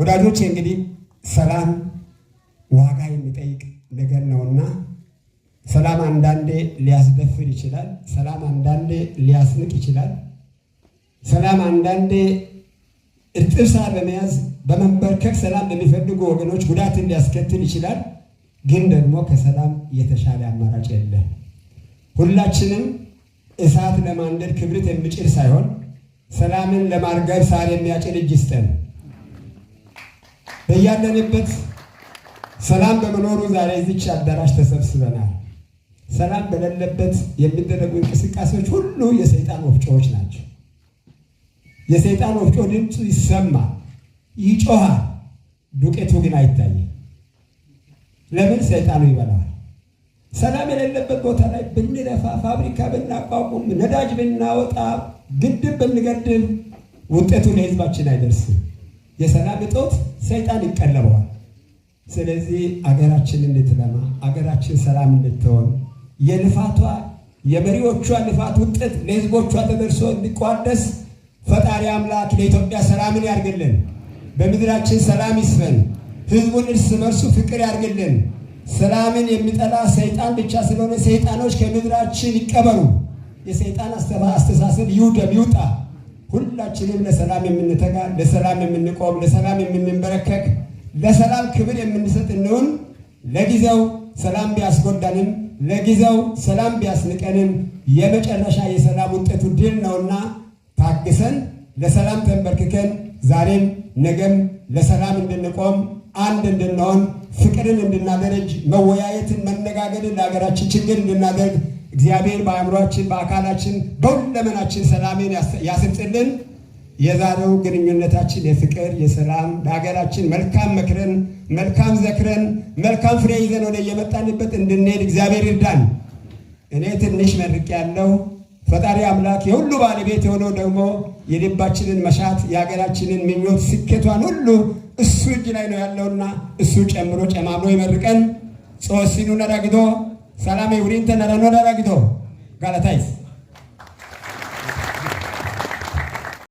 ወዳጆች እንግዲህ ሰላም ዋጋ የሚጠይቅ ነገር ነውና ሰላም አንዳንዴ ሊያስደፍር ይችላል። ሰላም አንዳንዴ ሊያስንቅ ይችላል። ሰላም አንዳንዴ እርጥብ በመያዝ በመንበርከክ ሰላም በሚፈልጉ ወገኖች ጉዳትን ሊያስከትል ይችላል። ግን ደግሞ ከሰላም የተሻለ አማራጭ የለም። ሁላችንም እሳት ለማንደድ ክብሪት የሚጭር ሳይሆን ሰላምን ለማርገብ ሳር የሚያጭር እጅ ይስጠን። በያለንበት ሰላም በመኖሩ ዛሬ እዚች አዳራሽ ተሰብስበናል። ሰላም በሌለበት የሚደረጉ እንቅስቃሴዎች ሁሉ የሰይጣን ወፍጮዎች ናቸው። የሰይጣን ወፍጮ ድምፅ ይሰማል፣ ይጮሃል፣ ዱቄቱ ግን አይታይም። ለምን? ሰይጣኑ ይበላዋል። ሰላም የሌለበት ቦታ ላይ ብንለፋ፣ ፋብሪካ ብናቋቁም፣ ነዳጅ ብናወጣ፣ ግድብ ብንገድብ ውጤቱ ለህዝባችን አይደርስም። የሰላም እጦት ሰይጣን ይቀለበዋል። ስለዚህ አገራችን እንድትለማ አገራችን ሰላም እንድትሆን የልፋቷ የመሪዎቿ ልፋት ውጤት ለህዝቦቿ ተደርሶ እንዲቋደስ ፈጣሪ አምላክ ለኢትዮጵያ ሰላምን ያርግልን። በምድራችን ሰላም ይስፈን። ህዝቡን እርስ በርሱ ፍቅር ያርግልን። ሰላምን የሚጠላ ሰይጣን ብቻ ስለሆነ ሰይጣኖች ከምድራችን ይቀበሩ። የሰይጣን አስተሳሰብ ይውደም ይውጣ። ሁላችንም ለሰላም የምንተጋ ለሰላም የምንቆም ለሰላም የምንበረከክ ለሰላም ክብር የምንሰጥ እንሆን። ለጊዜው ሰላም ቢያስጎዳንም፣ ለጊዜው ሰላም ቢያስንቀንም የመጨረሻ የሰላም ውጤቱ ድል ነውና ታግሰን ለሰላም ተንበርክከን ዛሬም ነገም ለሰላም እንድንቆም አንድ እንድንሆን ፍቅርን እንድናደረጅ መወያየትን መነጋገርን ለሀገራችን ችግር እንድናደርግ እግዚአብሔር በአእምሯችን፣ በአካላችን፣ በሁለመናችን ሰላሜን ያስምጥልን። የዛሬው ግንኙነታችን የፍቅር የሰላም ለሀገራችን መልካም መክረን መልካም ዘክረን መልካም ፍሬ ይዘን ወደ እየመጣንበት እንድንሄድ እግዚአብሔር ይርዳን። እኔ ትንሽ መርቅ ያለው ፈጣሪ አምላክ የሁሉ ባለቤት የሆነው ደግሞ የልባችንን መሻት የሀገራችንን ምኞት ስኬቷን ሁሉ እሱ እጅ ላይ ነው ያለውና እሱ ጨምሮ ጨማምሮ ይመርቀን ጾሲኑን ረግዶ ሰላሜ ውሪንተ ነረኖ ደረግቶ ጋለታይስ